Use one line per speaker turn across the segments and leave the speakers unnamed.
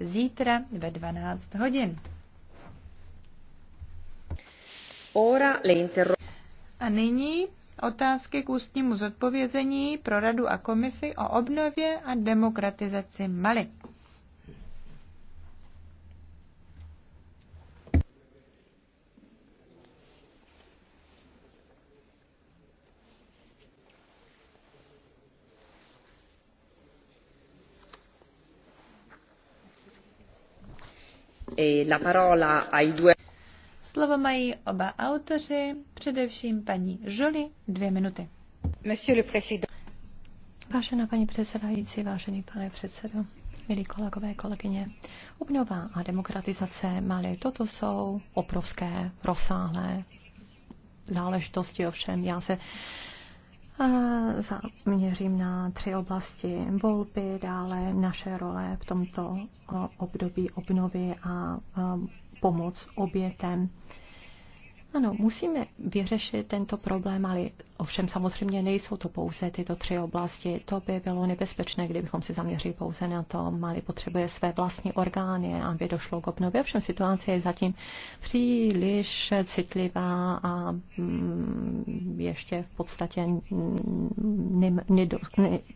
zítra ve 12 hodin. A nyní otázky k ústnímu zodpovězení pro Radu a komisi o obnově a demokratizaci Mali. E la
parola ai due...
Slovo mají oba autoři, především paní Žoli, dvě minuty. Monsieur le président. Vážená paní předsedající, vážený pane předsedo, milí kolegové, kolegyně,
obnova a demokratizace Mali, toto jsou obrovské, rozsáhlé záležitosti, ovšem já se Zaměřím na tři oblasti volby, dále naše role v tomto období obnovy a pomoc obětem. Ano, musíme vyřešit tento problém, ale ovšem samozřejmě nejsou to pouze tyto tři oblasti. To by bylo nebezpečné, kdybychom se zaměřili pouze na to. Mali potřebuje své vlastní orgány, aby došlo k obnově. Ovšem situace je zatím příliš citlivá a ještě v podstatě ne, ne,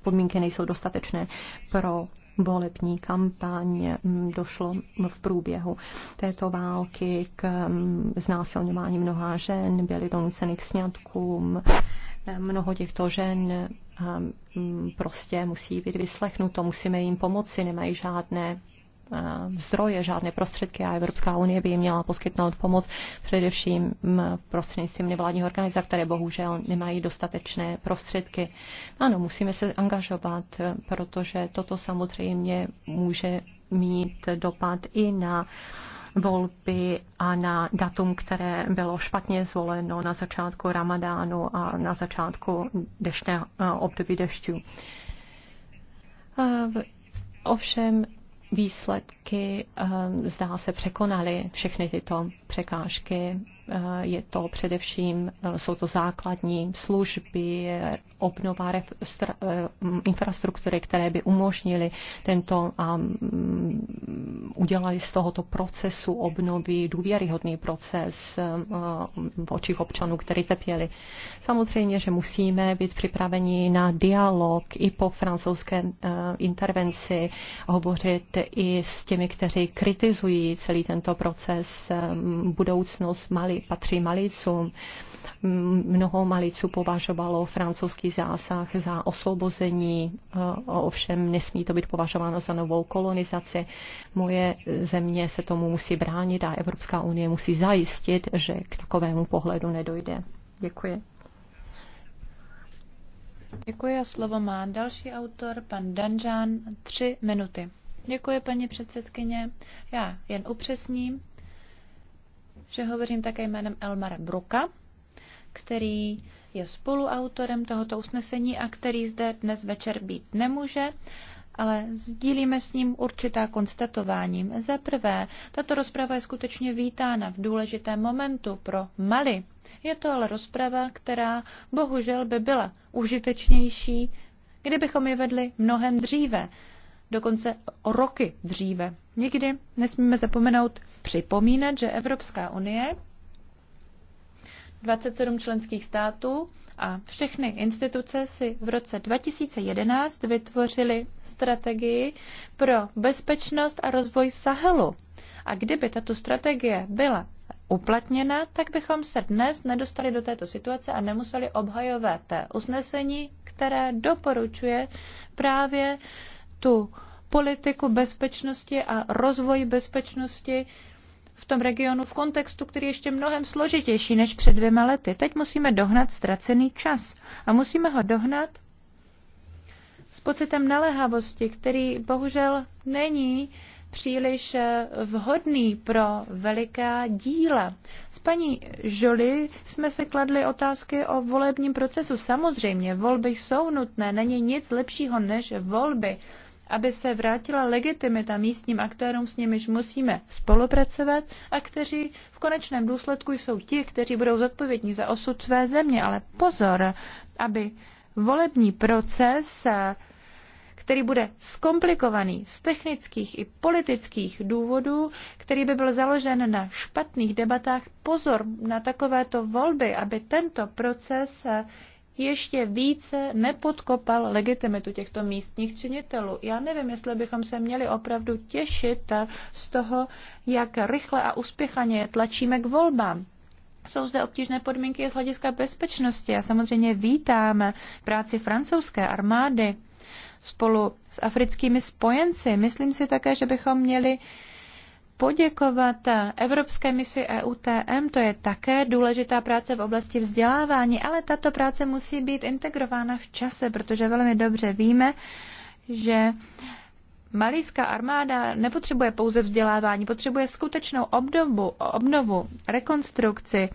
podmínky nejsou dostatečné pro volební kampaně mm, došlo v průběhu této války k mm, znásilňování mnoha žen, byly donuceny k sňatkům. Mnoho těchto žen mm, prostě musí být vyslechnuto, musíme jim pomoci, nemají žádné zdroje, žádné prostředky a Evropská unie by jim měla poskytnout pomoc především prostřednictvím nevládních organizací, které bohužel nemají dostatečné prostředky. Ano, musíme se angažovat, protože toto samozřejmě může mít dopad i na volby a na datum, které bylo špatně zvoleno na začátku ramadánu a na začátku dešné, období dešťů. Ovšem výsledky eh, zdá se překonaly všechny tyto překážky Eh, je to především, eh, jsou to základní služby, obnova eh, infrastruktury, které by umožnily tento a mm, udělali z tohoto procesu obnovy důvěryhodný proces v očích občanů, který trpěli. Samozřejmě, že musíme být připraveni na dialog i po francouzské intervenci, hovořit i s těmi, kteří kritizují celý tento proces, budoucnost Mali patří Malicům. Mnoho Maliců považovalo francouzský zásah za osvobození, eh, ovšem nesmí to být považováno za novou kolonizaci. Moje země se tomu musí bránit a Evropská unie musí zajistit, že k takovému pohledu nedojde. Děkuji.
Děkuji a slovo má další autor, pan Danžán, tři minuty. Děkuji, paní předsedkyně. Já jen upřesním, že hovořím také jménem Elmara Bruka, který je spoluautorem tohoto usnesení a který zde dnes večer být nemůže, ale sdílíme s ním určitá konstatování. Za prvé, tato rozprava je skutečně vítána v důležitém momentu pro Mali. Je to ale rozprava, která bohužel by byla užitečnější, kdybychom je vedli mnohem dříve dokonce o roky dříve. Nikdy nesmíme zapomenout připomínat, že Evropská unie, 27 členských států a všechny instituce si v roce 2011 vytvořily strategii pro bezpečnost a rozvoj Sahelu. A kdyby tato strategie byla uplatněna, tak bychom se dnes nedostali do této situace a nemuseli obhajovat usnesení, které doporučuje právě tu politiku bezpečnosti a rozvoj bezpečnosti v tom regionu v kontextu, který je ještě mnohem složitější než před dvěma lety. Teď musíme dohnat ztracený čas a musíme ho dohnat s pocitem naléhavosti, který bohužel není příliš eh, vhodný pro veliká díla. S paní Žoli jsme se kladli otázky o volebním procesu. Samozřejmě, volby jsou nutné, není nic lepšího než volby, aby se vrátila legitimita místním aktérům, s nimiž musíme spolupracovat a kteří v konečném důsledku jsou ti, kteří budou zodpovědní za osud své země. Ale pozor, aby volební proces který bude zkomplikovaný z technických i politických důvodů, který by byl založen na špatných debatách. Pozor na takovéto volby, aby tento proces ještě více nepodkopal legitimitu těchto místních činitelů. Já nevím, jestli bychom se měli opravdu těšit z toho, jak rychle a uspěchaně tlačíme k volbám. Jsou zde obtížné podmínky z hlediska bezpečnosti a samozřejmě vítáme práci francouzské armády spolu s africkými spojenci. Myslím si také, že bychom měli uh, poděkovat Evropské misi EUTM, to je také důležitá práce v oblasti vzdělávání, ale tato práce musí být integrována v čase, protože velmi dobře víme, že Malijská armáda nepotřebuje pouze vzdělávání, potřebuje skutečnou obdobu, obnovu, rekonstrukci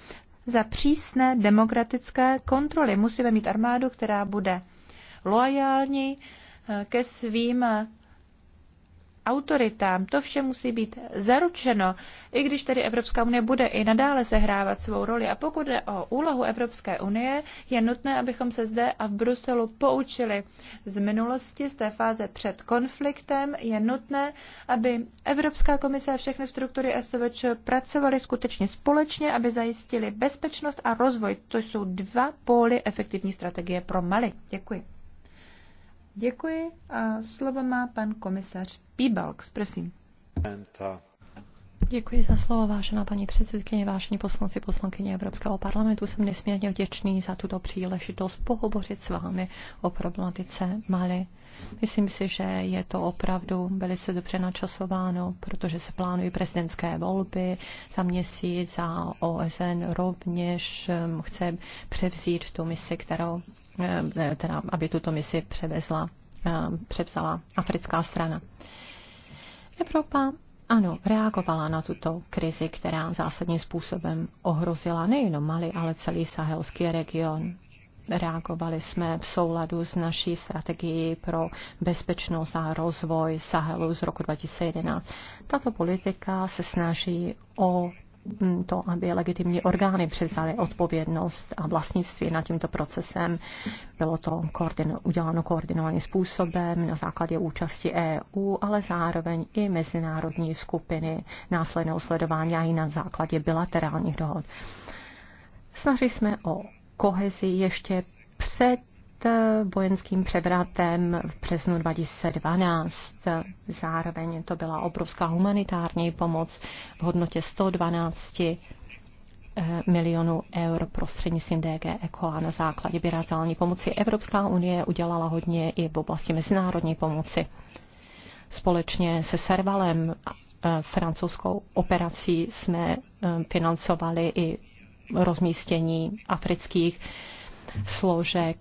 za přísné demokratické kontroly. Musíme mít armádu, která bude loajální ke svým autoritám. To vše musí být zaručeno, i když tedy Evropská unie bude i nadále sehrávat svou roli. A pokud jde o úlohu Evropské unie, je nutné, abychom se zde a v Bruselu poučili z minulosti, z té fáze před konfliktem. Je nutné, aby Evropská komise a všechny struktury SVČ pracovaly skutečně společně, aby zajistili bezpečnost a rozvoj. To jsou dva póly efektivní strategie pro Mali. Děkuji. Děkuji a slovo má pan komisař Pibalks, prosím. Děkuji za slovo, vážená paní předsedkyně, vážení poslanci, poslankyně
Evropského parlamentu. Jsem nesmírně vděčný za tuto příležitost pohovořit s vámi o problematice Mali. Myslím si, že je to opravdu velice dobře načasováno, protože se plánují prezidentské volby za měsíc a OSN rovněž ehm, chce převzít tu misi, kterou, ehm, teda, aby tuto misi převezla, ehm, převzala africká strana. Evropa ano, reagovala na tuto krizi, která zásadním způsobem ohrozila nejenom Mali, ale celý sahelský region reagovali jsme v souladu s naší strategií pro bezpečnost a rozvoj Sahelu z roku 2011. Tato politika se snaží o to, aby legitimní orgány převzaly odpovědnost a vlastnictví nad tímto procesem. Bylo to koordino, uděláno koordinovaným způsobem na základě účasti EU, ale zároveň i mezinárodní skupiny následného sledování a i na základě bilaterálních dohod. Snaží jsme o kohezi ještě před eh, vojenským převratem v březnu 2012. Zároveň to byla obrovská humanitární pomoc v hodnotě 112 eh, milionů eur prostřednictvím DG ECO a na základě bilaterální pomoci Evropská unie udělala hodně i v oblasti mezinárodní pomoci. Společně se Servalem eh, francouzskou operací jsme financovali i rozmístění afrických složek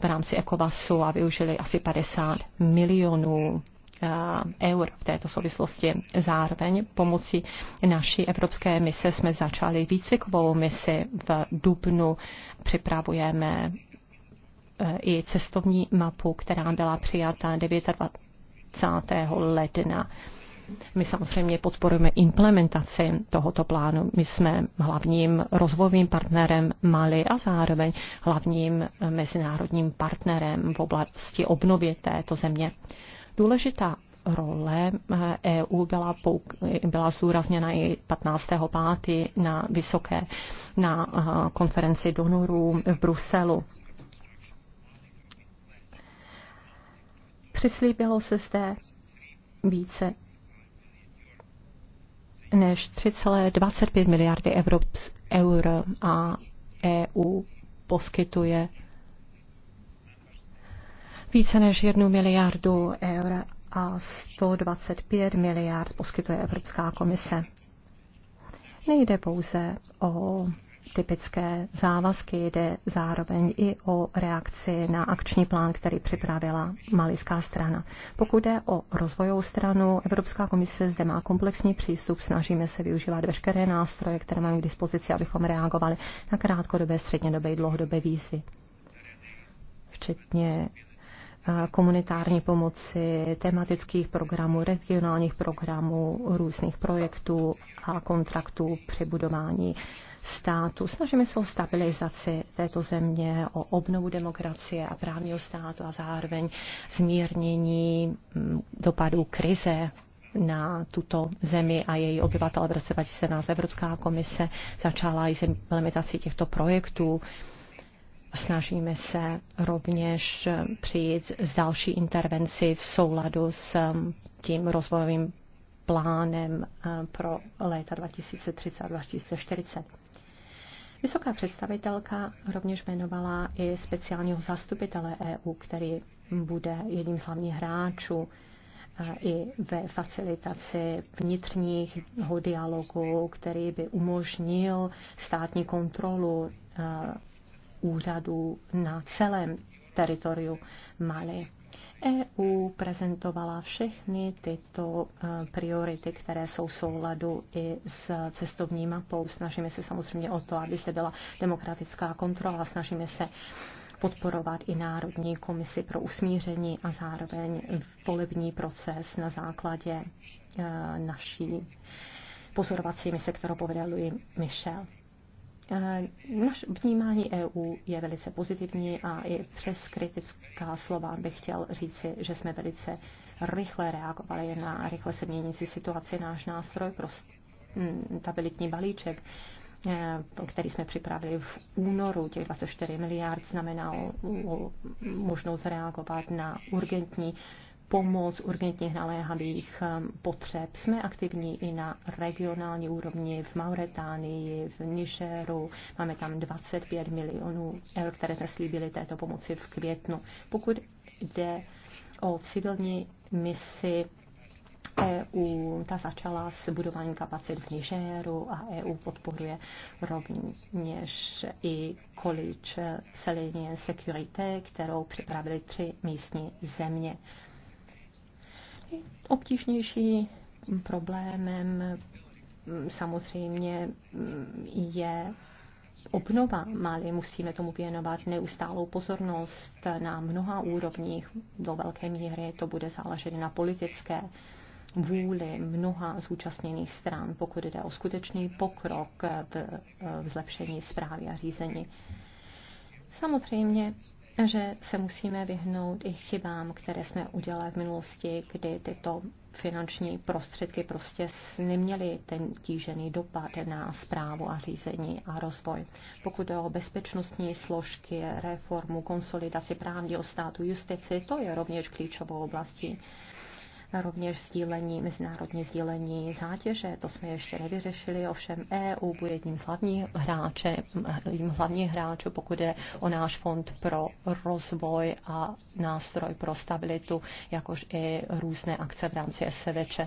v rámci ECOVASu a využili asi 50 milionů eh, eur v této souvislosti. Zároveň pomocí naší evropské mise jsme začali výcvikovou misi v Dubnu. Připravujeme eh, i cestovní mapu, která byla přijata 29. ledna my samozřejmě podporujeme implementaci tohoto plánu. My jsme hlavním rozvojovým partnerem Mali a zároveň hlavním mezinárodním partnerem v oblasti obnovy této země. Důležitá role EU eh, e byla, pouk, byla zdůrazněna i 15.5. na vysoké na eh, konferenci donorů v Bruselu. Přislíbilo se zde více než 3,25 miliardy eur a EU poskytuje více než 1 miliardu eur a 125 miliard poskytuje Evropská komise. Nejde pouze o typické závazky, jde zároveň i o reakci na akční plán, který připravila malická strana. Pokud jde o rozvojovou stranu, Evropská komise zde má komplexní přístup, snažíme se využívat veškeré nástroje, které máme k dispozici, abychom reagovali na krátkodobé, střednědobé i dlouhodobé výzvy. Včetně eh, komunitární pomoci, tematických programů, regionálních programů, různých projektů a kontraktů při budování státu. Snažíme se o stabilizaci této země, o obnovu demokracie a právního státu a zároveň zmírnění mm, dopadů krize na tuto zemi a její obyvatel. v roce 2017. Evropská komise začala i s implementací těchto projektů. Snažíme se rovněž přijít s další intervenci v souladu s mm, tím rozvojovým plánem mm, pro léta 2030 a 2040. Vysoká představitelka rovněž jmenovala i speciálního zastupitele EU, který bude jedním z hlavních hráčů e, i ve facilitaci vnitřního dialogu, který by umožnil státní kontrolu e, úřadů na celém teritoriu Mali. EU prezentovala všechny tyto e, priority, které jsou v souladu i s cestovní mapou. Snažíme se samozřejmě o to, aby zde byla demokratická kontrola, snažíme se podporovat i Národní komisi pro usmíření a zároveň volební proces na základě e, naší pozorovací mise, kterou povedal Louis Michel. Eh, naš vnímání EU je velice pozitivní a i přes kritická slova bych chtěl říci, že jsme velice rychle reagovali na rychle se měnící situaci. Náš nástroj pro mm, stabilitní balíček eh, který jsme připravili v únoru, těch 24 miliard, znamená možnost reagovat na urgentní pomoc urgentně naléhavých um, potřeb. Jsme aktivní i na regionální úrovni v Mauretánii, v Nigeru. Máme tam 25 milionů eur, které jsme slíbili této pomoci v květnu. Pokud jde o civilní misi EU, ta začala s budováním kapacit v Nigeru a EU podporuje rovněž i količ Celinien security, kterou připravili tři místní země. Obtížnější problémem mm, samozřejmě mm, je obnova Máli Musíme tomu věnovat neustálou pozornost na mnoha úrovních. Do velké míry to bude záležet na politické vůli mnoha zúčastněných stran, pokud jde o skutečný pokrok v, v zlepšení zprávy a řízení. Samozřejmě že se musíme vyhnout i chybám, které jsme udělali v minulosti, kdy tyto finanční prostředky prostě neměly ten tížený dopad na zprávu a řízení a rozvoj. Pokud jde o bezpečnostní složky, reformu, konsolidaci právního státu, justici, to je rovněž klíčovou oblastí rovněž sdílení, mezinárodní sdílení zátěže, to jsme ještě nevyřešili, ovšem EU bude jedním z hlavních hráče, jedním hlavních hráčů, pokud je o náš fond pro rozvoj a nástroj pro stabilitu, jakož i různé akce v rámci SVČ.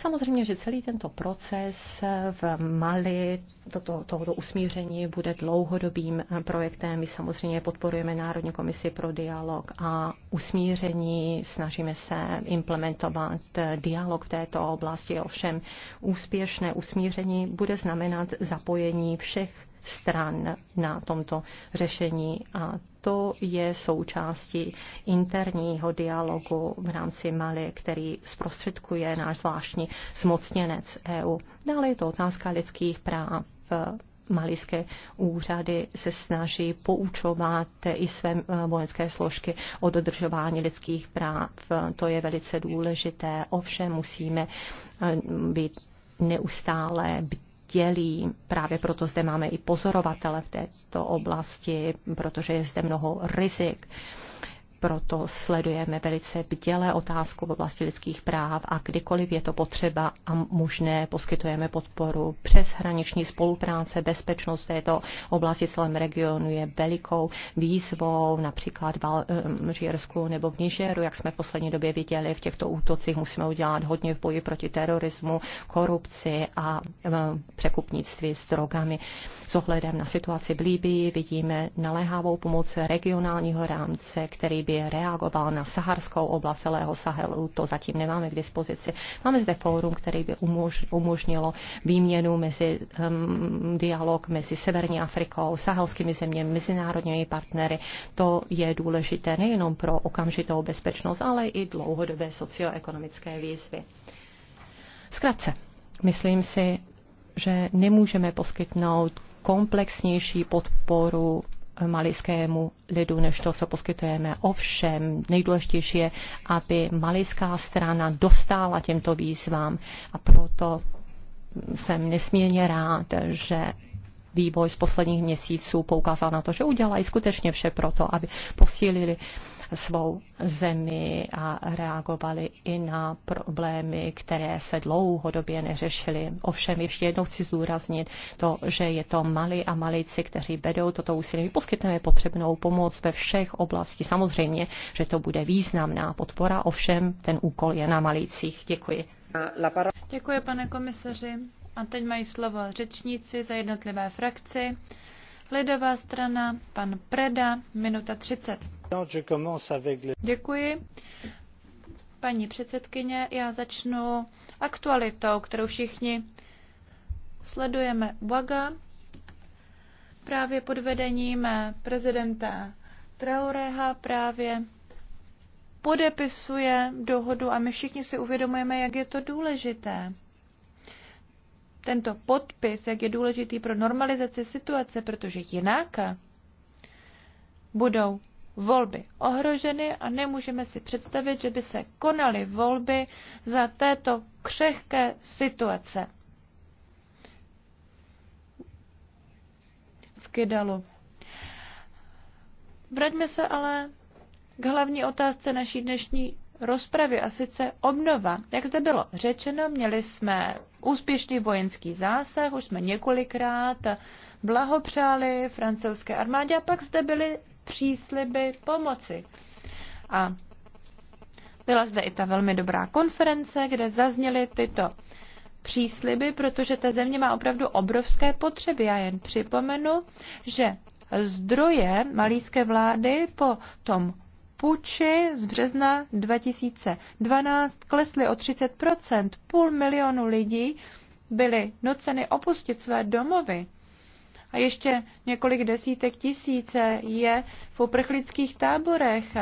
Samozřejmě, že celý tento proces v Mali, toto, tohoto usmíření, bude dlouhodobým eh, projektem. My samozřejmě podporujeme Národní komisi pro dialog a usmíření. Snažíme se implementovat eh, dialog v této oblasti. Ovšem úspěšné usmíření bude znamenat zapojení všech stran na tomto řešení a to je součástí interního dialogu v rámci Mali, který zprostředkuje náš zvláštní zmocněnec EU. Dále je to otázka lidských práv malijské úřady se snaží poučovat i své eh, vojenské složky o dodržování lidských práv. To je velice důležité. Ovšem musíme eh, být neustále dělí. Právě proto zde máme i pozorovatele v této oblasti, protože je zde mnoho rizik. Uh, proto sledujeme velice bdělé otázku v oblasti lidských práv a kdykoliv je to potřeba a možné, poskytujeme podporu. přes hraniční spolupráce, bezpečnost této oblasti v celém regionu je velikou výzvou, například v eh, Žírsku nebo v Nižeru, jak jsme v poslední době viděli, v těchto útocích musíme udělat hodně v boji proti terorismu, korupci a eh, překupnictví s drogami. S ohledem na situaci v Líbii vidíme naléhavou pomoc regionálního rámce, který by reagoval na saharskou oblast celého Sahelu, to zatím nemáme k dispozici. Máme zde fórum, který by umožnilo výměnu mezi um, dialog mezi Severní Afrikou, sahelskými zeměmi, mezinárodními partnery. To je důležité nejenom pro okamžitou bezpečnost, ale i dlouhodobé socioekonomické výzvy. Zkrátce, myslím si, že nemůžeme poskytnout komplexnější podporu malijskému lidu, než to, co poskytujeme. Ovšem, nejdůležitější je, aby malijská strana dostala těmto výzvám a proto jsem nesmírně rád, že vývoj z posledních měsíců poukázal na to, že udělají skutečně vše proto, aby posílili svou zemi a reagovali i na problémy, které se dlouhodobě neřešily. Ovšem ještě jednou chci zúraznit to, že je to Mali a Malici, kteří vedou toto úsilí. My poskytneme potřebnou pomoc ve všech oblasti. Samozřejmě, že to bude významná podpora, ovšem ten úkol je na Malicích. Děkuji.
Děkuji, pane komisaři. A teď mají slovo řečníci za jednotlivé frakci. Lidová strana, pan Preda, minuta 30. No, Děkuji. Paní předsedkyně, já začnu aktualitou, kterou všichni sledujeme. Blaga právě pod vedením prezidenta Traoreha právě podepisuje dohodu a my všichni si uvědomujeme, jak je to důležité tento podpis, jak je důležitý pro normalizaci situace, protože jinak budou volby ohroženy a nemůžeme si představit, že by se konaly volby za této křehké situace. V Kidalu. Vraťme se ale k hlavní otázce naší dnešní rozpravy, a sice obnova. Jak zde bylo řečeno, měli jsme úspěšný vojenský zásah, už jsme několikrát blahopřáli francouzské armádě a pak zde byly přísliby pomoci. A byla zde i ta velmi dobrá konference, kde zazněly tyto přísliby, protože ta země má opravdu obrovské potřeby. Já jen připomenu, že zdroje malíské vlády po tom puči z března 2012 klesly o 30 Půl milionu lidí byly nuceny opustit své domovy. A ještě několik desítek tisíce je v uprchlických táborech.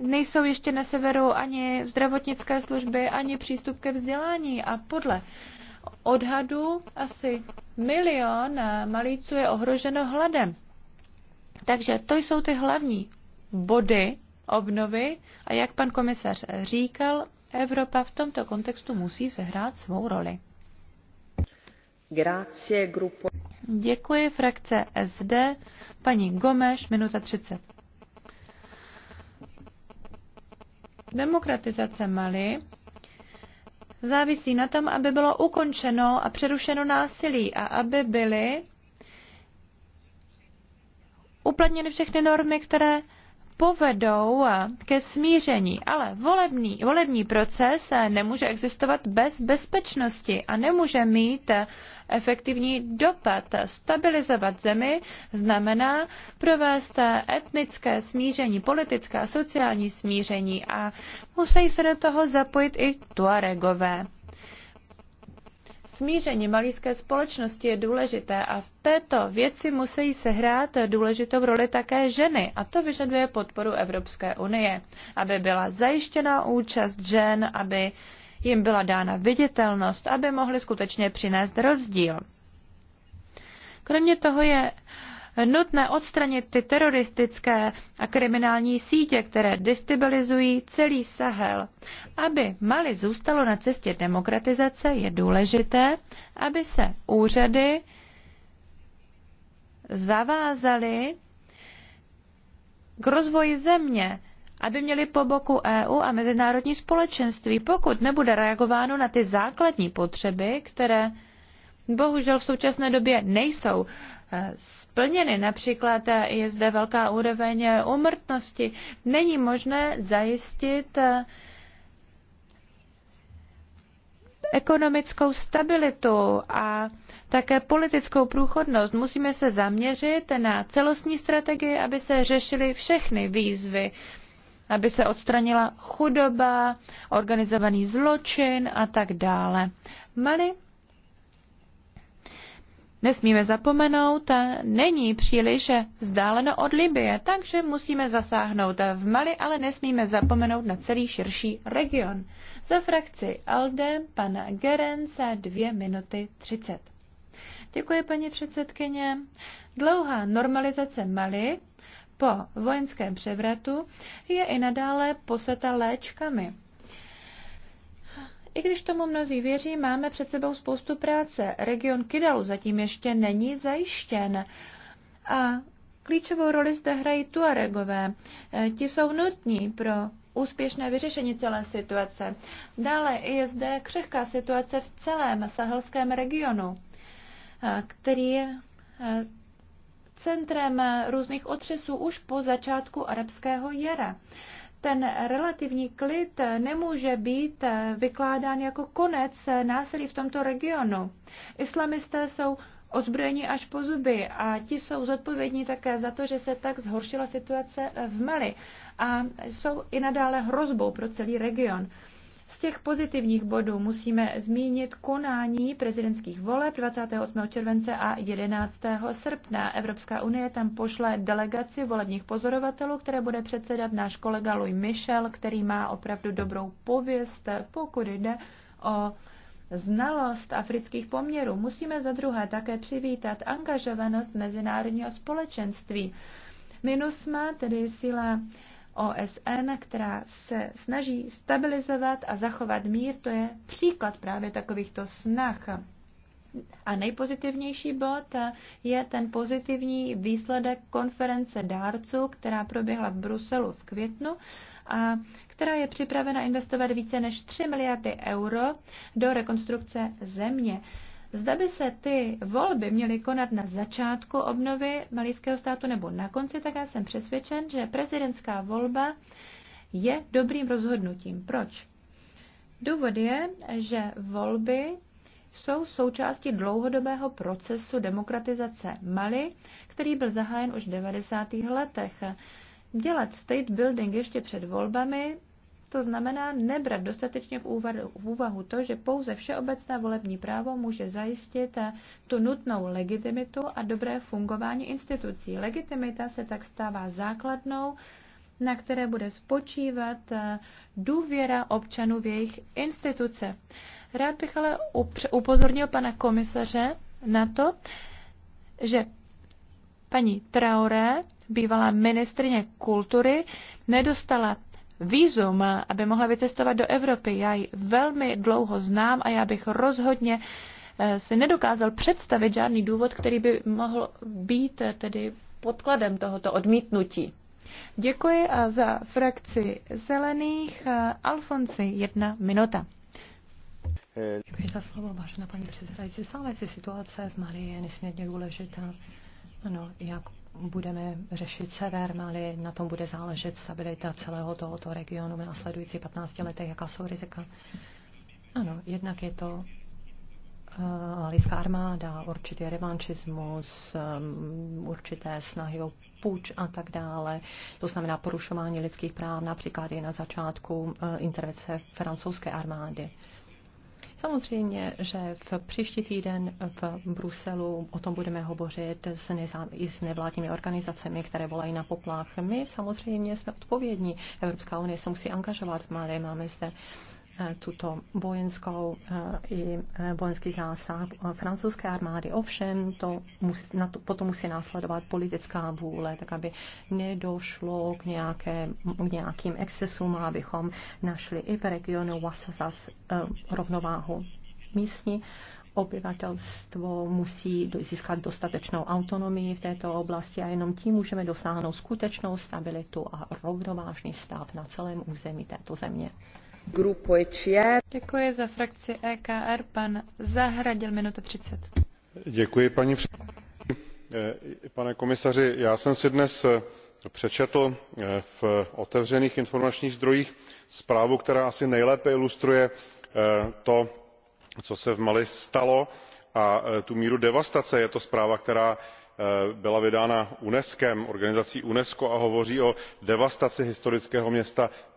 Nejsou ještě na severu ani zdravotnické služby, ani přístup ke vzdělání. A podle odhadu asi milion malíců je ohroženo hladem. Takže to jsou ty hlavní body obnovy a jak pan komisař říkal, Evropa v tomto kontextu musí sehrát svou roli. Grazie, grupo. Děkuji frakce SD, paní Gomeš, minuta 30. Demokratizace Mali závisí na tom, aby bylo ukončeno a přerušeno násilí a aby byly uplatněny všechny normy, které povedou eh, ke smíření. Ale volební, volební proces eh, nemůže existovat bez bezpečnosti a nemůže mít eh, efektivní dopad. Stabilizovat zemi znamená provést etnické smíření, politické a sociální smíření a musí se do toho zapojit i Tuaregové. Smíření malíské společnosti je důležité a v této věci musí sehrát důležitou roli také ženy a to vyžaduje podporu Evropské unie, aby byla zajištěna účast žen, aby jim byla dána viditelnost, aby mohly skutečně přinést rozdíl. Kromě toho je uh, nutné odstranit ty teroristické a kriminální sítě, které destabilizují celý Sahel. Aby Mali zůstalo na cestě demokratizace, je důležité, aby se úřady zavázaly k rozvoji země, aby měli po boku EU a mezinárodní společenství, pokud nebude reagováno na ty základní potřeby, které bohužel v současné době nejsou splněny. Například je zde velká úroveň umrtnosti. Není možné zajistit eh, ekonomickou stabilitu a také politickou průchodnost. Musíme se zaměřit na celostní strategii, aby se řešily všechny výzvy, aby se odstranila chudoba, organizovaný zločin a tak dále. Mali nesmíme zapomenout, není příliš vzdáleno od Libie, takže musíme zasáhnout v Mali, ale nesmíme zapomenout na celý širší region. Za frakci ALDE pana Gerence 2 minuty 30. Děkuji, paní předsedkyně. Dlouhá normalizace Mali po vojenském převratu je i nadále poseta léčkami. I když tomu mnozí věří, máme před sebou spoustu práce. Region Kidalu zatím ještě není zajištěn. A klíčovou roli zde hrají Tuaregové. E, ti jsou nutní pro úspěšné vyřešení celé situace. Dále je zde křehká situace v celém sahelském regionu, e, který je e, centrem různých otřesů už po začátku arabského jara ten relativní klid nemůže být vykládán jako konec násilí v tomto regionu. Islamisté jsou ozbrojení až po zuby a ti jsou zodpovědní také za to, že se tak zhoršila situace v Mali a jsou i nadále hrozbou pro celý region. Z těch pozitivních bodů musíme zmínit konání prezidentských voleb 28. července a 11. srpna. Evropská unie tam pošle delegaci volebních pozorovatelů, které bude předsedat náš kolega Louis Michel, který má opravdu dobrou pověst, pokud jde o znalost afrických poměrů. Musíme za druhé také přivítat angažovanost mezinárodního společenství. Minus má tedy síla OSN, která se snaží stabilizovat a zachovat mír, to je příklad právě takovýchto snah. A nejpozitivnější bod je ten pozitivní výsledek konference dárců, která proběhla v Bruselu v květnu a která je připravena investovat více než 3 miliardy euro do rekonstrukce země. Zda by se ty volby měly konat na začátku obnovy malijského státu nebo na konci, tak já jsem přesvědčen, že prezidentská volba je dobrým rozhodnutím. Proč? Důvod je, že volby jsou součástí dlouhodobého procesu demokratizace Mali, který byl zahájen už v 90. letech. Dělat state building ještě před volbami to znamená nebrat dostatečně v úvahu, v úvahu to, že pouze všeobecné volební právo může zajistit tu nutnou legitimitu a dobré fungování institucí. Legitimita se tak stává základnou, na které bude spočívat eh, důvěra občanů v jejich instituce. Rád bych ale upozornil pana komisaře na to, že paní Traoré, bývalá ministrině kultury, nedostala vízum, aby mohla vycestovat do Evropy. Já ji velmi dlouho znám a já bych rozhodně eh, si nedokázal představit žádný důvod, který by mohl být eh, tedy podkladem tohoto odmítnutí. Děkuji a za frakci zelených eh, Alfonsi jedna minuta. Děkuji za slovo, vážená paní předsedající. Stále situace v
Marii je nesmírně důležitá. Ano, jak budeme řešit sever Mali, na tom bude záležet stabilita celého tohoto regionu v následující 15 letech, jaká jsou rizika. Ano, jednak je to Malijská eh, armáda, určitý revanšismus, eh, určité snahy o půjč, a tak dále. To znamená porušování lidských práv, například i na začátku eh, intervence francouzské armády. Samozřejmě, že v příští týden v Bruselu o tom budeme hovořit s nezá, i s nevládními organizacemi, které volají na poplach. My samozřejmě jsme odpovědní. Evropská unie se musí angažovat v malé, Máme zde Eh, tuto vojenskou eh, i eh, vojenský zásah francouzské armády. Ovšem, to, na to, potom musí následovat politická vůle, tak aby nedošlo k, nějaké, k nějakým excesům abychom našli i v regionu Wasasas rovnováhu. Místní obyvatelstvo musí získat dostatečnou autonomii v této oblasti a jenom tím můžeme dosáhnout skutečnou stabilitu a rovnovážný stav na celém území této země.
Grupo ECR. Děkuji za frakci EKR. Pan Zahradil, minuta 30.
Děkuji, paní předsedající. Pane komisaři, já jsem si dnes eh, přečetl eh, v otevřených informačních zdrojích zprávu která asi nejlépe ilustruje eh, to co se v mali stalo a tu míru devastace. je to zpráva která byla vydána UNESCO, organizací unesco a hovoří o devastaci historického města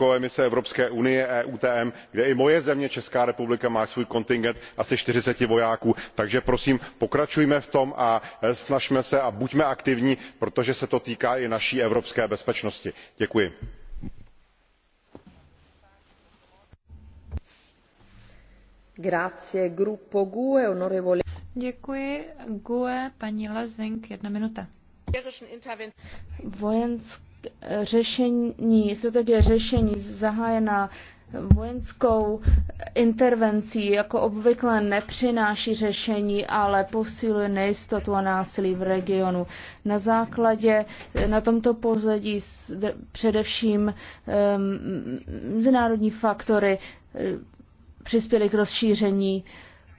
uhlíkové mise evropské unie eutm kde i moje země česká republika má svůj kontingent asi čtyřiceti vojáků takže prosím pokračujme v tom a snažme se a buďme aktivní protože se to týká i naší evropské bezpečnosti. děkuji.
vojenské řešení, strategie řešení zahájená vojenskou intervencí jako obvykle nepřináší řešení, ale posiluje nejistotu a násilí v regionu. Na základě, na tomto pozadí především mezinárodní um, faktory eh, přispěly k rozšíření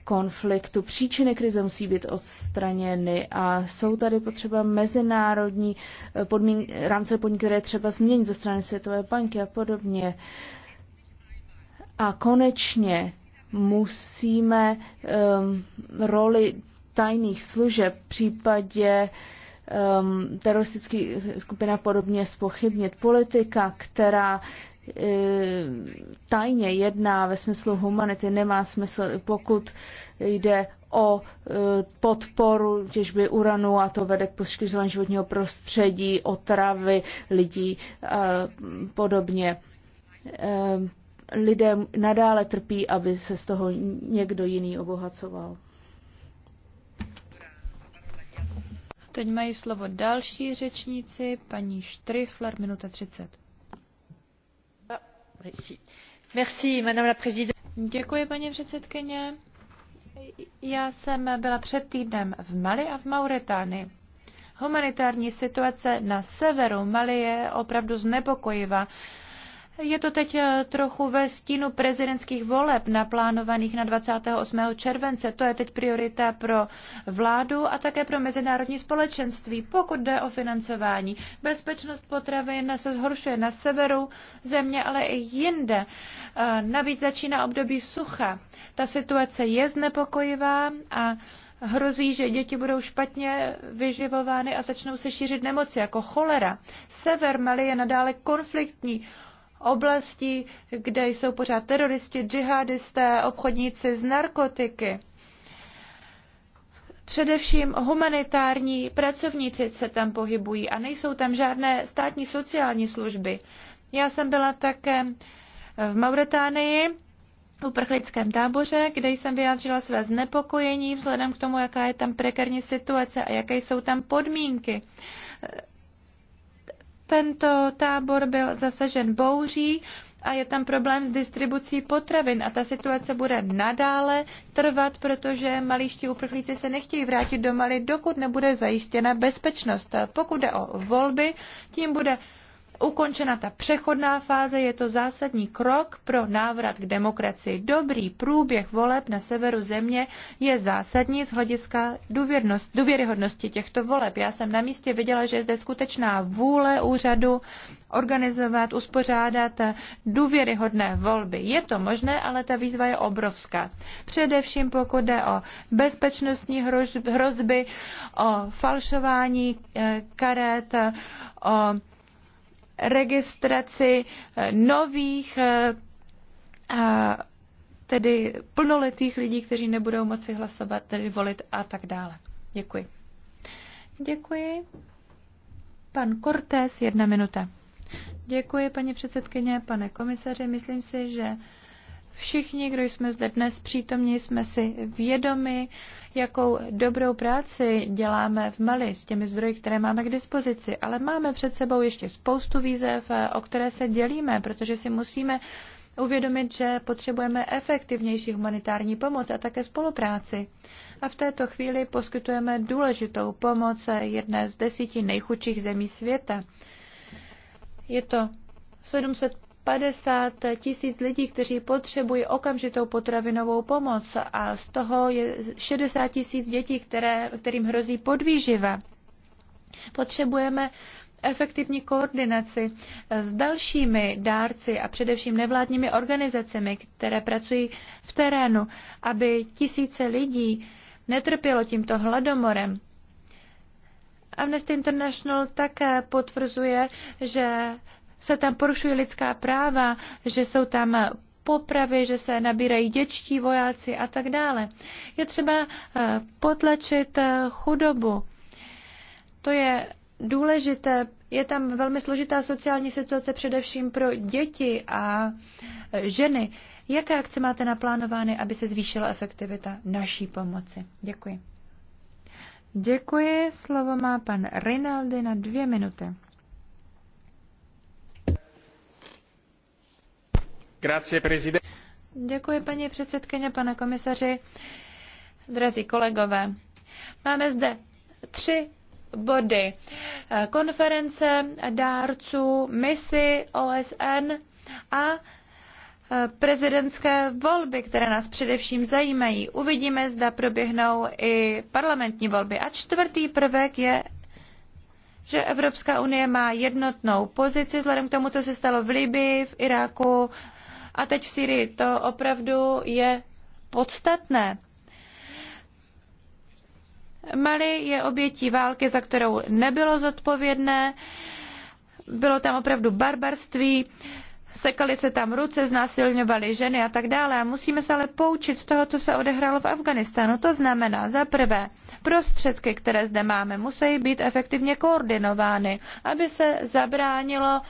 konfliktu. Příčiny krize musí být odstraněny a jsou tady potřeba mezinárodní eh, podmín, rámce podmínky, které třeba změnit ze strany Světové banky a podobně. A konečně musíme um, roli tajných služeb v případě um, teroristických skupin a podobně spochybnit. Politika, která E, tajně jedná ve smyslu humanity, nemá smysl, pokud jde o e, podporu těžby uranu a to vede k poškozování životního prostředí, otravy lidí a podobně. E, lidé nadále trpí, aby se z toho někdo jiný obohacoval.
Teď mají slovo další řečníci, paní Štrifler, minuta 30. Děkuji, paní předsedající Já jsem byla před týdnem v Mali a v mauritánii. Humanitární situace na severu Mali je opravdu znepokojivá. Je to teď eh, trochu ve stínu prezidentských voleb naplánovaných na 28. července. To je teď priorita pro vládu a také pro mezinárodní společenství, pokud jde o financování. Bezpečnost potravin se zhoršuje na severu země, ale i jinde. Eh, navíc začíná období sucha. Ta situace je znepokojivá a hrozí, že děti budou špatně vyživovány a začnou se šířit nemoci jako cholera. Sever Mali je nadále konfliktní oblastí, kde jsou pořád teroristi, džihadisté, obchodníci z narkotiky. Především humanitární pracovníci se tam pohybují a nejsou tam žádné státní sociální služby. Já jsem byla také v Mauretánii, v prchlickém táboře, kde jsem vyjádřila své znepokojení vzhledem k tomu, jaká je tam prekární situace a jaké jsou tam podmínky. Tento tábor byl zasažen bouří a je tam problém s distribucí potravin a ta situace bude nadále trvat, protože malíští uprchlíci se nechtějí vrátit do Mali, dokud nebude zajištěna bezpečnost. Pokud jde o volby, tím bude ukončena ta přechodná fáze, je to zásadní krok pro návrat k demokracii. Dobrý průběh voleb na severu země je zásadní z hlediska důvěryhodnosti těchto voleb. Já jsem na místě viděla, že je zde skutečná vůle úřadu organizovat, uspořádat důvěryhodné volby. Je to možné, ale ta výzva je obrovská. Především pokud jde o bezpečnostní hrozby, o falšování eh, karet, o registraci eh, nových eh, tedy plnoletých lidí, kteří nebudou moci hlasovat, tedy volit a tak dále. Děkuji. Děkuji. Pan Cortés, jedna minuta. Děkuji, paní předsedkyně, pane komisaři. Myslím si, že Všichni, kdo jsme zde dnes přítomní, jsme si vědomi, jakou dobrou práci děláme v Mali s těmi zdroji, které máme k dispozici. Ale máme před sebou ještě spoustu výzev, eh, o které se dělíme, protože si musíme uvědomit, že potřebujeme efektivnější humanitární pomoc a také spolupráci. A v této chvíli poskytujeme důležitou pomoc eh, jedné z desíti nejchudších zemí světa. Je to 700 50 tisíc lidí, kteří potřebují okamžitou potravinovou pomoc a z toho je 60 tisíc dětí, které, kterým hrozí podvýživa. Potřebujeme efektivní koordinaci s dalšími dárci a především nevládními organizacemi, které pracují v terénu, aby tisíce lidí netrpělo tímto hladomorem. Amnesty International také potvrzuje, že se tam porušují lidská práva, že jsou tam popravy, že se nabírají děčtí vojáci a tak dále. Je třeba eh, potlačit eh, chudobu. To je důležité. Je tam velmi složitá sociální situace především pro děti a eh, ženy. Jaké akce máte naplánovány, aby se zvýšila efektivita naší pomoci? Děkuji. Děkuji. Slovo má pan Rinaldi na dvě minuty. Děkuji, paní předsedkyně, pane komisaři, drazí kolegové. Máme zde tři body. Konference dárců, misi OSN a prezidentské volby, které nás především zajímají. Uvidíme, zda proběhnou i parlamentní volby. A čtvrtý prvek je že Evropská unie má jednotnou pozici vzhledem k tomu, co se stalo v Libii, v Iráku, a teď v Syrii. To opravdu je podstatné. Mali je obětí války, za kterou nebylo zodpovědné. Bylo tam opravdu barbarství, sekali se tam ruce, znásilňovali ženy a tak dále. A musíme se ale poučit z toho, co se odehrálo v Afganistánu. To znamená, za prvé, prostředky, které zde máme, musí být efektivně koordinovány, aby se zabránilo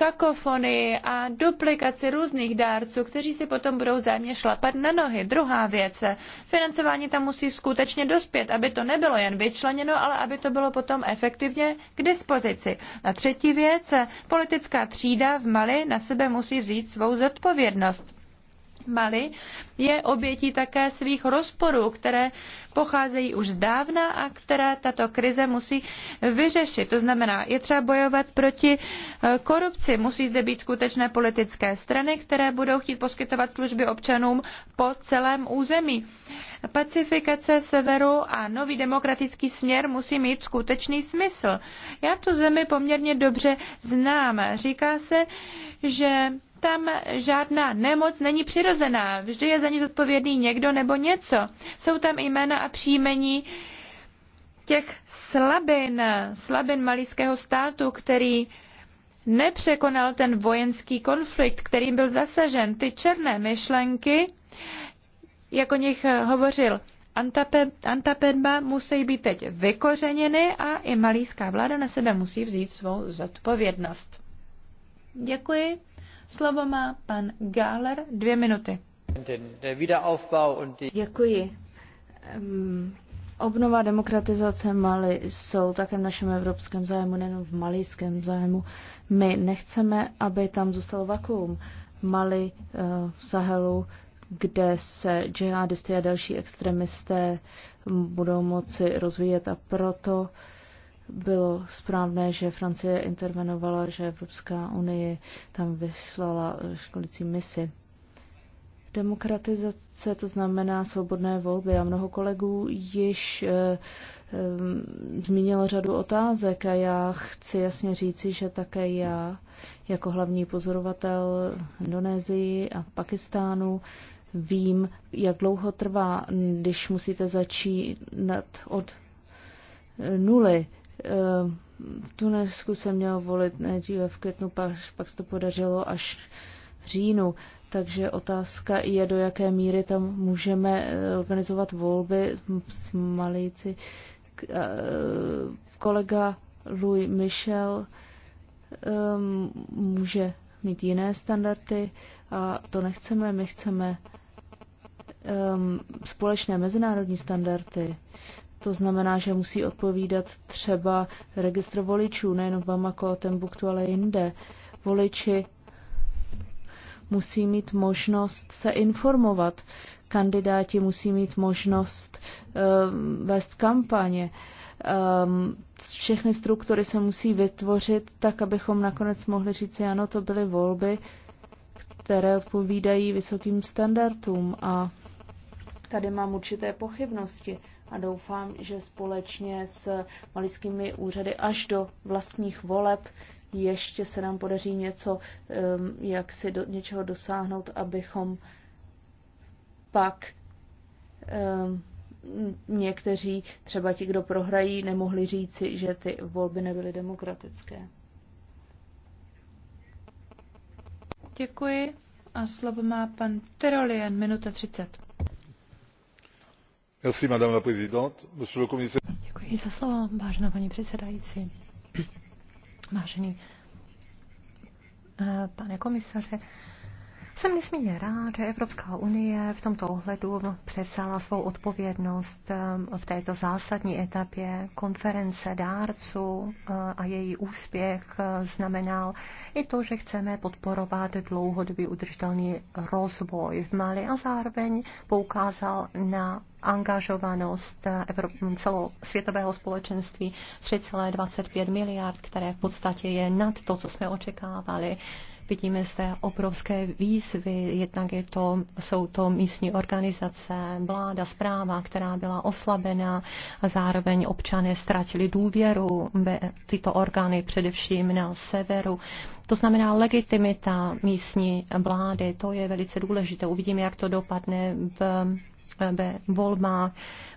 kakofonii a duplikaci různých dárců, kteří si potom budou zájemně šlapat na nohy. Druhá věc, financování tam musí skutečně dospět, aby to nebylo jen vyčleněno, ale aby to bylo potom efektivně k dispozici. A třetí věc, politická třída v Mali na sebe musí vzít svou zodpovědnost Mali je obětí také svých rozporů, které pocházejí už z dávna a které tato krize musí vyřešit. To znamená, je třeba bojovat proti eh, korupci. Musí zde být skutečné politické strany, které budou chtít poskytovat služby občanům po celém území. Pacifikace severu a nový demokratický směr musí mít skutečný smysl. Já tu zemi poměrně dobře znám. Říká se, že tam žádná nemoc není přirozená. Vždy je za ní zodpovědný někdo nebo něco. Jsou tam jména a příjmení těch slabin, slabin malijského státu, který nepřekonal ten vojenský konflikt, kterým byl zasažen. Ty černé myšlenky, jak o nich hovořil Antapedba, musí být teď vykořeněny a i malíská vláda na sebe musí vzít svou zodpovědnost. Děkuji.
Slovo má pan Gáler, dvě minuty. Děkuji. Obnova demokratizace Mali jsou také v našem evropském zájmu, nejenom v malijském zájmu. My nechceme, aby tam zůstalo vakuum. Mali eh, v Sahelu, kde se džihadisté a další extremisté budou moci rozvíjet a proto uh, bylo správné, že Francie intervenovala, že Evropská unie tam vyslala eh, školicí misi. Demokratizace to znamená svobodné volby a mnoho kolegů již e, e, zmínilo řadu otázek a já chci jasně říci, že také já jako hlavní pozorovatel Indonésii a Pakistánu vím, jak dlouho trvá, když musíte začínat od nuly v eh, Tunesku jsem měl volit nejdříve v květnu, pak, pak se to podařilo až v říjnu. Takže otázka je, do jaké míry tam můžeme eh, organizovat volby s malíci. Eh, kolega Louis Michel ehm, může mít jiné standardy a to nechceme. My chceme ehm, společné mezinárodní standardy. To znamená, že musí odpovídat třeba registr voličů, nejen v Bamako, Tembuktu, ale jinde. Voliči musí mít možnost se informovat. Kandidáti musí mít možnost uh, vést kampaně. Um, všechny struktury se musí vytvořit tak, abychom nakonec mohli říct, ano, to byly volby, které odpovídají vysokým standardům a tady mám určité pochybnosti a doufám, že společně s malickými úřady až do vlastních voleb ještě se nám podaří něco, um, jak si do něčeho dosáhnout, abychom pak um, někteří, třeba ti, kdo prohrají, nemohli říci, že ty volby nebyly demokratické.
Děkuji. A slovo má pan Tyrolien, minuta 30. Děkuji za vážená
paní předsedající. Vážený eh, pane komisaře, jsem nesmírně rád, že Evropská unie v tomto ohledu převzala svou odpovědnost ehm, v této zásadní etapě konference dárců eh, a její úspěch eh, znamenal i to, že chceme podporovat dlouhodobý udržitelný rozvoj v Mali a zároveň poukázal na angažovanost eh, celosvětového společenství 3,25 miliard, které v podstatě je nad to, co jsme očekávali. Vidíme zde obrovské výzvy, jednak je to, jsou to místní organizace, vláda, zpráva, která byla oslabená a zároveň občané ztratili důvěru ve tyto orgány, především na severu. To znamená legitimita místní vlády, to je velice důležité. Uvidíme, jak to dopadne v ve volbách.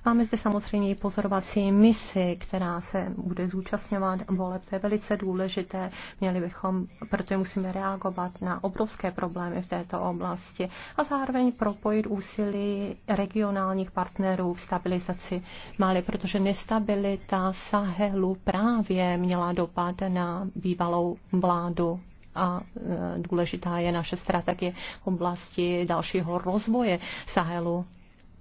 Máme zde samozřejmě i pozorovací misi, která se bude zúčastňovat voleb. To je velice důležité. Měli bychom, protože musíme reagovat na obrovské problémy v této oblasti a zároveň propojit úsilí regionálních partnerů v stabilizaci Mali, protože nestabilita Sahelu právě měla dopad na bývalou vládu a e, důležitá je naše strategie v oblasti dalšího rozvoje Sahelu.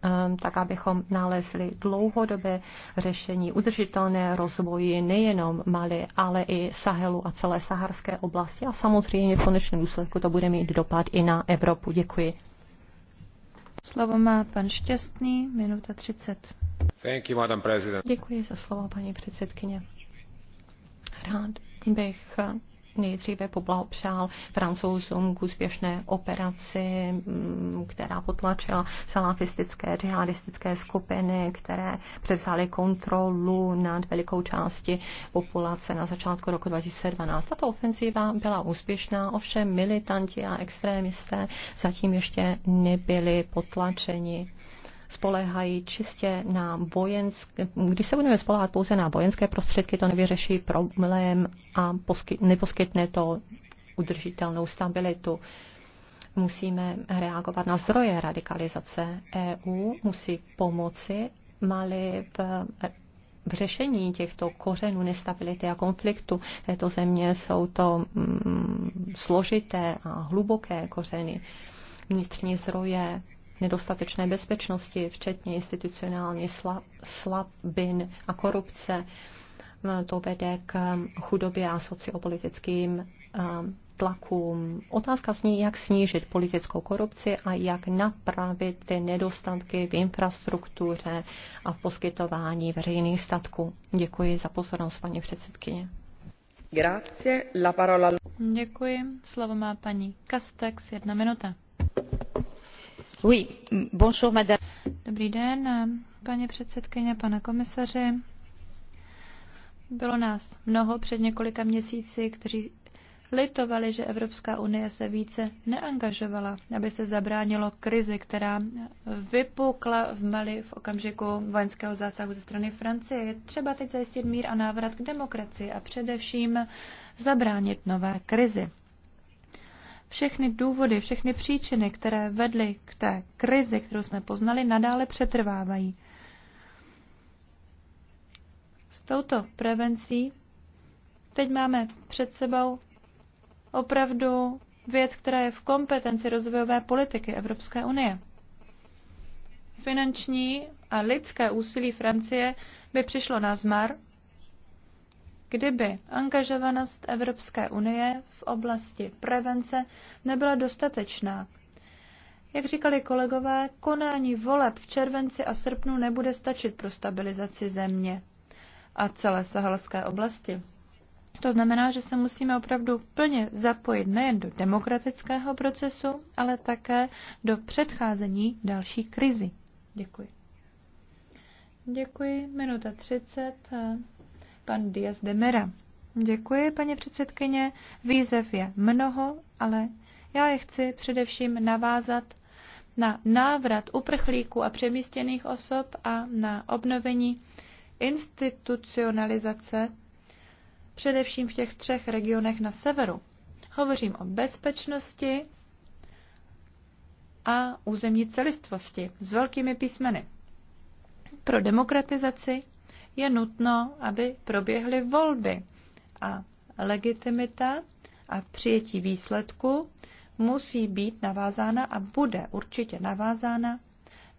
Ehm, tak abychom nalezli dlouhodobé řešení udržitelné rozvoji nejenom Mali, ale i Sahelu a celé saharské oblasti. A samozřejmě v konečném důsledku to bude mít dopad i na Evropu. Děkuji.
Slovo má pan
Šťastný, minuta 30.
Thank you, Madam President.
Děkuji za slovo, paní předsedkyně. Rád bych nejdříve poblahopřál francouzům k úspěšné operaci, mm, která potlačila salafistické, džihadistické skupiny, které převzaly kontrolu nad velikou části populace na začátku roku 2012. Tato ofenzíva byla úspěšná, ovšem militanti a extrémisté zatím ještě nebyli potlačeni spolehají čistě na vojenské, když se budeme spolehat pouze na vojenské prostředky, to nevyřeší problém a posky, neposkytne to udržitelnou stabilitu. Musíme reagovat na zdroje radikalizace. EU musí pomoci Mali v v řešení těchto kořenů nestability a konfliktu této země jsou to mm, složité a hluboké kořeny. Vnitřní zdroje nedostatečné bezpečnosti, včetně institucionální slabin a korupce. To vede k chudobě a sociopolitickým um, tlakům. Otázka zní, jak snížit politickou korupci a jak napravit ty nedostatky v infrastruktuře a v poskytování veřejných statků. Děkuji za pozornost, paní předsedkyně.
Grazie, la parola... Děkuji. Slovo má paní Kastex, jedna minuta. Dobrý den, paní předsedkyně, pane komisaři. Bylo nás mnoho před několika měsíci, kteří litovali, že Evropská unie se více neangažovala, aby se zabránilo krizi, která vypukla v Mali v okamžiku vojenského zásahu ze strany Francie. Je třeba teď zajistit mír a návrat k demokracii a především zabránit nové krizi všechny důvody, všechny příčiny, které vedly k té krizi, kterou jsme poznali, nadále přetrvávají. S touto prevencí teď máme před sebou opravdu věc, která je v kompetenci rozvojové politiky Evropské unie. Finanční a lidské úsilí Francie by přišlo na zmar, kdyby angažovanost Evropské unie v oblasti prevence nebyla dostatečná. Jak říkali kolegové, konání voleb v červenci a srpnu nebude stačit pro stabilizaci země a celé sahalské oblasti. To znamená, že se musíme opravdu plně zapojit nejen do demokratického procesu, ale také do předcházení další krizi. Děkuji. Děkuji. Minuta 30 pan Diaz de Mera. Děkuji, paní předsedkyně. Výzev je mnoho, ale já je chci především navázat na návrat uprchlíků a přemístěných osob a na obnovení institucionalizace, především v těch třech regionech na severu. Hovořím o bezpečnosti a územní celistvosti s velkými písmeny. Pro demokratizaci je nutno, aby proběhly volby. A legitimita a přijetí výsledku musí být navázána a bude určitě navázána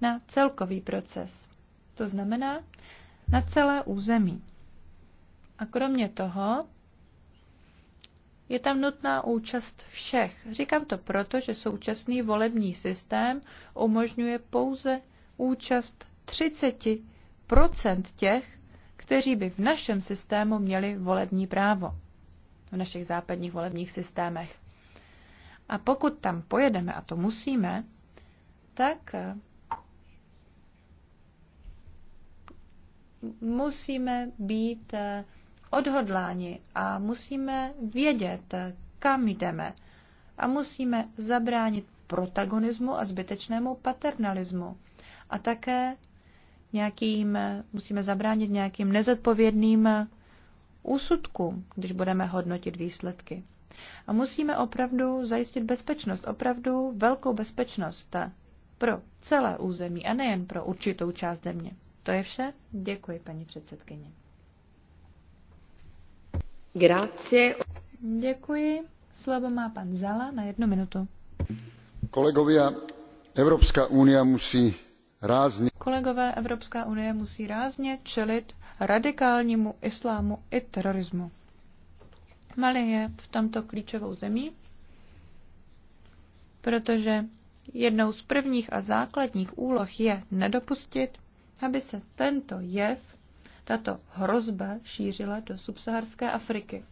na celkový proces. To znamená na celé území. A kromě toho je tam nutná účast všech. Říkám to proto, že současný volební systém umožňuje pouze účast 30 těch, kteří by v našem systému měli volební právo, v našich západních volebních systémech. A pokud tam pojedeme, a to musíme, tak eh, musíme být eh, odhodláni a musíme vědět, eh, kam jdeme. A musíme zabránit protagonismu a zbytečnému paternalismu. A také nějakým, musíme zabránit nějakým nezodpovědným úsudkům, když budeme hodnotit výsledky. A musíme opravdu zajistit bezpečnost, opravdu velkou bezpečnost pro celé území a nejen pro určitou část země. To je vše. Děkuji, paní předsedkyně. Grazie. Děkuji. Slovo má pan Zala na jednu minutu.
Kolegovia, Evropská unie musí rázně.
Kolegové, Evropská unie musí rázně čelit radikálnímu islámu i terorismu. Mali je v tomto klíčovou zemí, protože jednou z prvních a základních úloh je nedopustit, aby se tento jev, tato hrozba šířila
do subsaharské Afriky.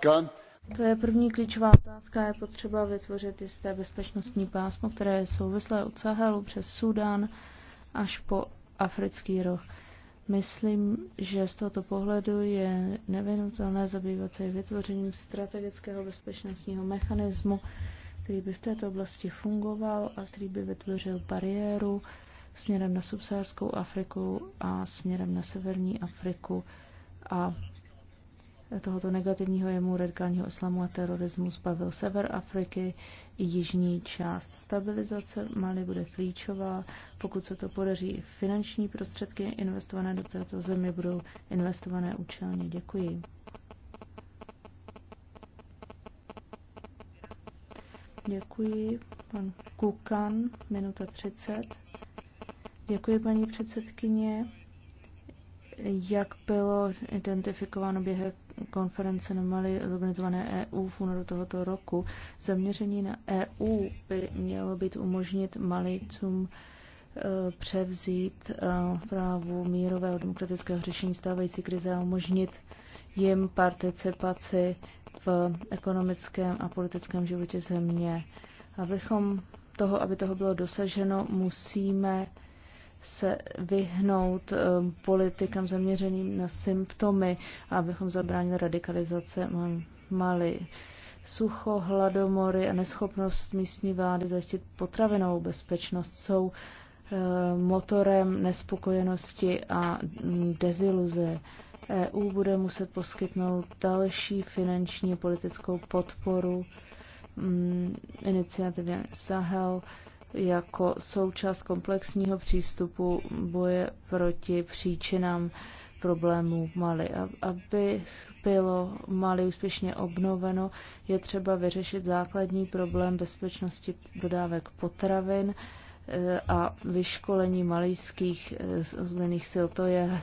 Kan. To je první klíčová otázka. Je potřeba vytvořit jisté bezpečnostní pásmo, které je souvislé od Sahelu přes Sudan až po africký roh. Myslím, že z tohoto pohledu je nevinutelné zabývat se vytvořením strategického bezpečnostního mechanismu, který by v této oblasti fungoval a který by vytvořil bariéru směrem na subsaharskou Afriku a směrem na severní Afriku a tohoto negativního jemu radikálního islamu a terorismu zbavil sever Afriky i jižní část. Stabilizace Mali bude klíčová. Pokud se to podaří, finanční prostředky investované do této země budou investované účelně. Děkuji. Děkuji. Pan Kukan, minuta 30. Děkuji, paní předsedkyně. Jak bylo identifikováno během konference na Mali zorganizované EU v únoru tohoto roku. Zaměření na EU by mělo být umožnit Malicům e, převzít e, právu mírového demokratického řešení stávající krize a umožnit jim participaci v ekonomickém a politickém životě země. Abychom toho, aby toho bylo dosaženo, musíme se vyhnout um, politikám zaměřeným na symptomy, abychom zabránili radikalizace Mali. Sucho, hladomory a neschopnost místní vlády zajistit potravinovou bezpečnost jsou uh, motorem nespokojenosti a deziluze. EU bude muset poskytnout další finanční politickou podporu mm, iniciativě Sahel, jako součást komplexního přístupu boje proti příčinám problémů Mali. Aby bylo Mali úspěšně obnoveno, je třeba vyřešit základní problém bezpečnosti dodávek potravin e, a vyškolení malijských ozbrojených e, sil. To je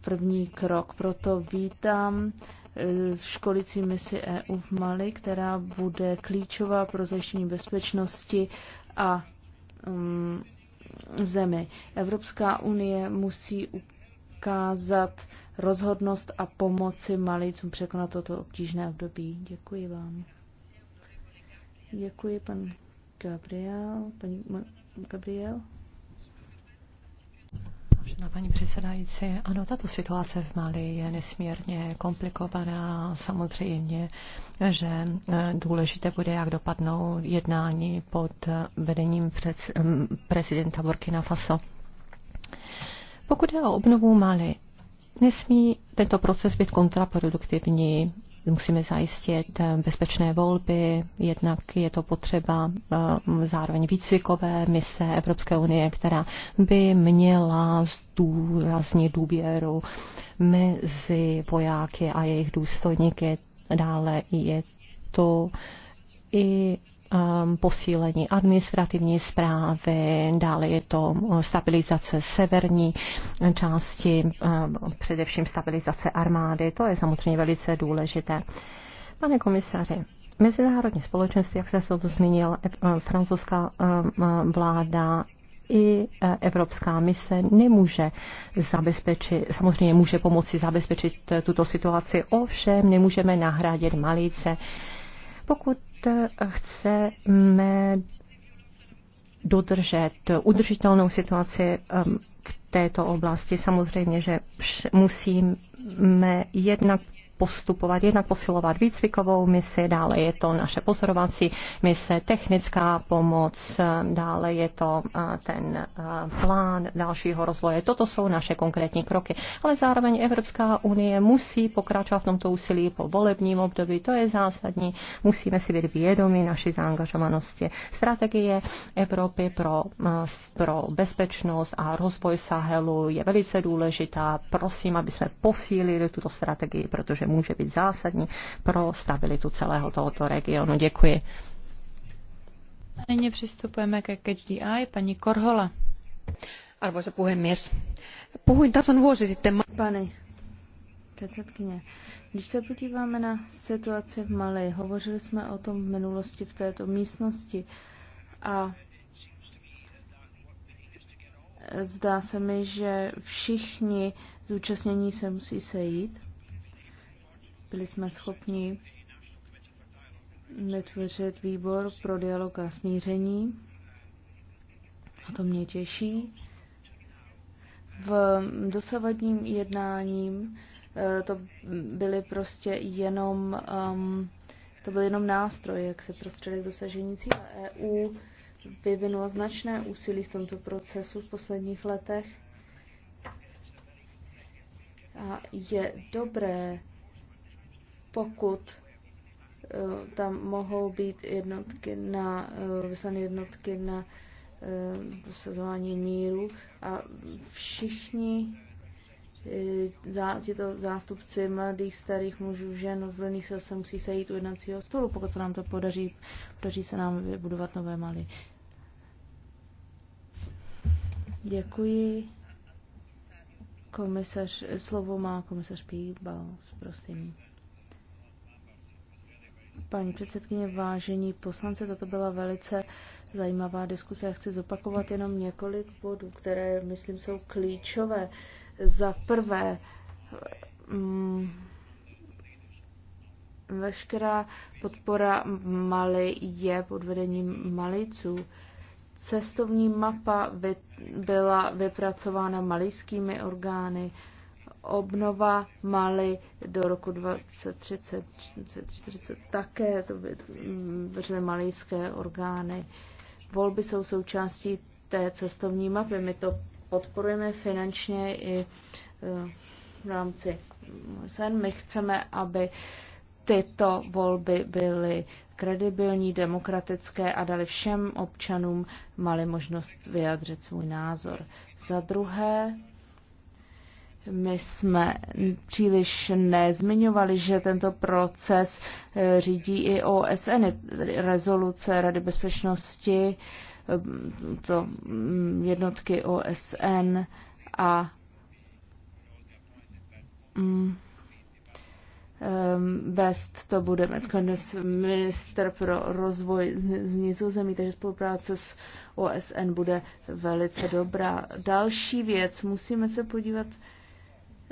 první krok. Proto vítám Eh, školicí misi EU v Mali, která bude klíčová pro zajištění bezpečnosti a um, v zemi. Evropská unie musí ukázat rozhodnost a pomoci Malicům překonat toto obtížné období. Děkuji vám. Děkuji, pan Gabriel. Paní Gabriel.
Vážená no, paní předsedající, ano, tato situace v Mali je nesmírně komplikovaná. Samozřejmě, že eh, důležité bude, jak dopadnou jednání pod eh, vedením před, mm, prezidenta Burkina Faso. Pokud je o obnovu Mali, nesmí tento proces být kontraproduktivní musíme zajistit eh, bezpečné volby, jednak je to potřeba eh, zároveň výcvikové mise Evropské unie, která by měla zdůraznit důvěru mezi vojáky a jejich důstojníky. Dále je to i um, posílení administrativní zprávy, dále je to uh, stabilizace severní části, um, především stabilizace armády. To je samozřejmě velice důležité. Pane komisaři, mezinárodní společenství, jak se to zmínil, eh, francouzská eh, vláda i eh, Evropská mise nemůže zabezpečit, samozřejmě může pomoci zabezpečit tuto situaci, ovšem nemůžeme nahradit malice. Pokud chceme dodržet udržitelnou situaci um, v této oblasti. Samozřejmě, že musíme jednak postupovat, jednak posilovat výcvikovou misi, dále je to naše pozorovací mise, technická pomoc, dále je to eh, ten eh, plán dalšího rozvoje. Toto jsou naše konkrétní kroky. Ale zároveň Evropská unie musí pokračovat v tomto úsilí po volebním období, to je zásadní. Musíme si být vědomi naší zaangažovanosti. Strategie Evropy pro, eh, pro bezpečnost a rozvoj Sahelu je velice důležitá. Prosím, aby jsme posílili tuto strategii, protože že může být zásadní pro stabilitu celého tohoto regionu. Děkuji.
A nyní přistupujeme ke HDI, paní Korhola.
Arvoisa puhemies, puhuin tasan vuosi sitten... Pani předsedkyně, když se podíváme na situaci v Mali, hovořili jsme o tom v minulosti v této místnosti a zdá se mi, že všichni zúčastnění se musí sejít byli jsme schopni vytvořit výbor pro dialog a smíření. A to mě těší. V dosavadním jednáním eh, to byly prostě jenom um, to byl jenom nástroj, jak se prostředek dosažení cíle. EU vyvinula značné úsilí v tomto procesu v posledních letech a je dobré pokud eh, tam mohou být jednotky na, eh, vyslané jednotky na dosazování eh, míru a všichni tito zástupci mladých, starých mužů, žen, v sil se musí sejít u jednacího stolu, pokud se nám to podaří, podaří se nám vybudovat nové maly. Děkuji. Komisař, slovo má komisař Píbal, prosím. Paní předsedkyně, vážení poslanci, toto byla velice zajímavá diskuse. Já chci zopakovat jenom několik bodů, které, myslím, jsou klíčové. Za prvé, mm, veškerá podpora Mali je pod vedením Maliců. Cestovní mapa by, byla vypracována malijskými orgány. Uh, obnova Mali do roku 2030, 2040 také to vytvořily malijské orgány. Volby jsou součástí té cestovní mapy. My to podporujeme finančně i eh, v rámci sen. My chceme, aby tyto volby byly kredibilní, demokratické a dali všem občanům mali možnost vyjádřit svůj názor. Za druhé, my jsme příliš nezmiňovali, že tento proces eh, řídí i OSN, rezoluce Rady bezpečnosti, eh, to mm, jednotky OSN a Best mm, eh, to bude dnes minister pro rozvoj z Nizozemí, takže spolupráce s OSN bude velice dobrá. Další věc, musíme se podívat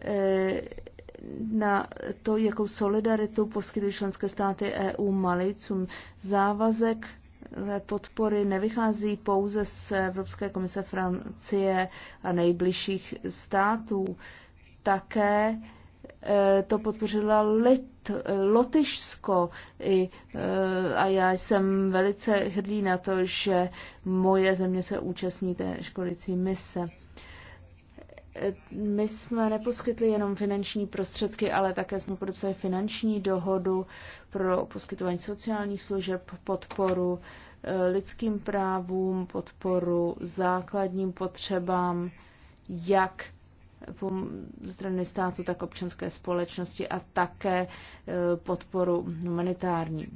Eh, na to, jakou solidaritu poskytují členské státy EU Malicům. Závazek eh, podpory nevychází pouze z Evropské komise Francie a nejbližších států. Také eh, to podpořila Lit, Lotyšsko i, a já jsem velice hrdý na to, že moje země se účastní té školicí mise. My jsme neposkytli jenom finanční prostředky, ale také jsme podepsali finanční dohodu pro poskytování sociálních služeb, podporu eh, lidským právům, podporu základním potřebám, jak strany státu, tak občanské společnosti a také eh, podporu humanitární.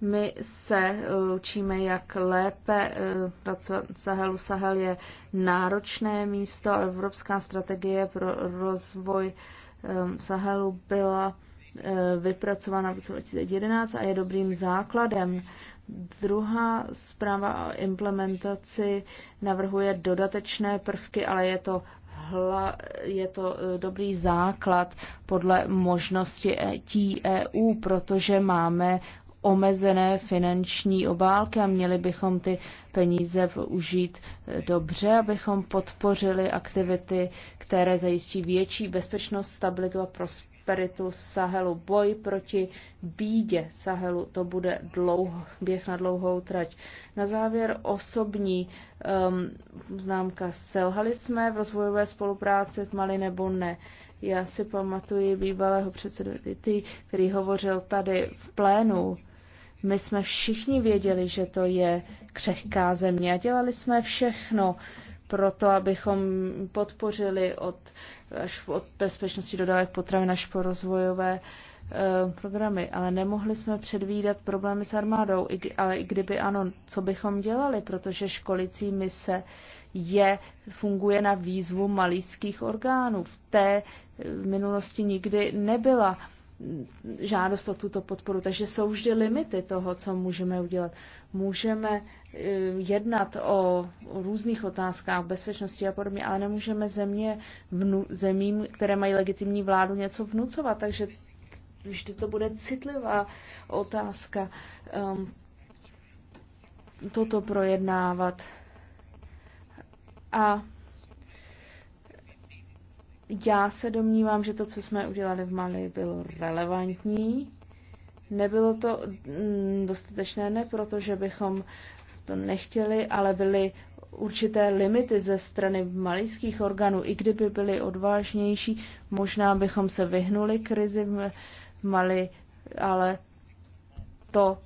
My se eh, učíme, jak lépe eh, pracovat v Sahelu. Sahel je náročné místo a evropská strategie pro rozvoj eh, Sahelu byla vypracována v roce 2011 a je dobrým základem. Druhá zpráva o implementaci navrhuje dodatečné prvky, ale je to, hla, je to dobrý základ podle možnosti EU, e protože máme omezené finanční obálky a měli bychom ty peníze užít eh, dobře, abychom podpořili aktivity, které zajistí větší bezpečnost, stabilitu a prosperitu Sahelu. Boj proti bídě Sahelu, to bude dlouho, běh na dlouhou trať. Na závěr osobní um, známka. Selhali jsme v rozvojové spolupráci v Mali nebo ne? Já si pamatuji bývalého předsedu který hovořil tady v plénu my jsme všichni věděli, že to je křehká země a dělali jsme všechno pro to, abychom podpořili od, až od bezpečnosti dodávek potravin až po rozvojové eh, programy, ale nemohli jsme předvídat problémy s armádou, ale i kdyby ano, co bychom dělali, protože školicí mise je, funguje na výzvu malíských orgánů. V té v eh, minulosti nikdy nebyla žádost o tuto podporu. Takže jsou vždy limity toho, co můžeme udělat. Můžeme eh, jednat o různých otázkách bezpečnosti a podobně, ale nemůžeme země, vnu, zemím, které mají legitimní vládu, něco vnucovat. Takže vždy to bude citlivá otázka um, toto projednávat. A já se domnívám, že to, co jsme udělali v Mali, bylo relevantní. Nebylo to mm, dostatečné, ne proto, že bychom to nechtěli, ale byly určité limity ze strany malijských orgánů. I kdyby byly odvážnější, možná bychom se vyhnuli krizi v Mali, ale to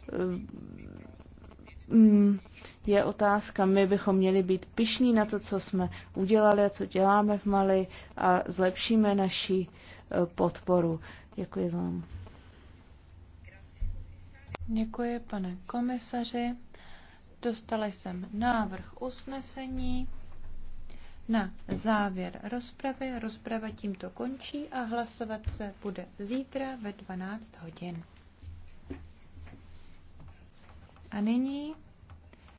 Mm, je otázka. My bychom měli být pišní na to, co jsme udělali a co děláme v Mali a zlepšíme naši e, podporu. Děkuji vám.
Děkuji, pane komisaři. Dostala jsem návrh usnesení na závěr rozpravy. Rozprava tímto končí a hlasovat se bude zítra ve 12 hodin. A nyní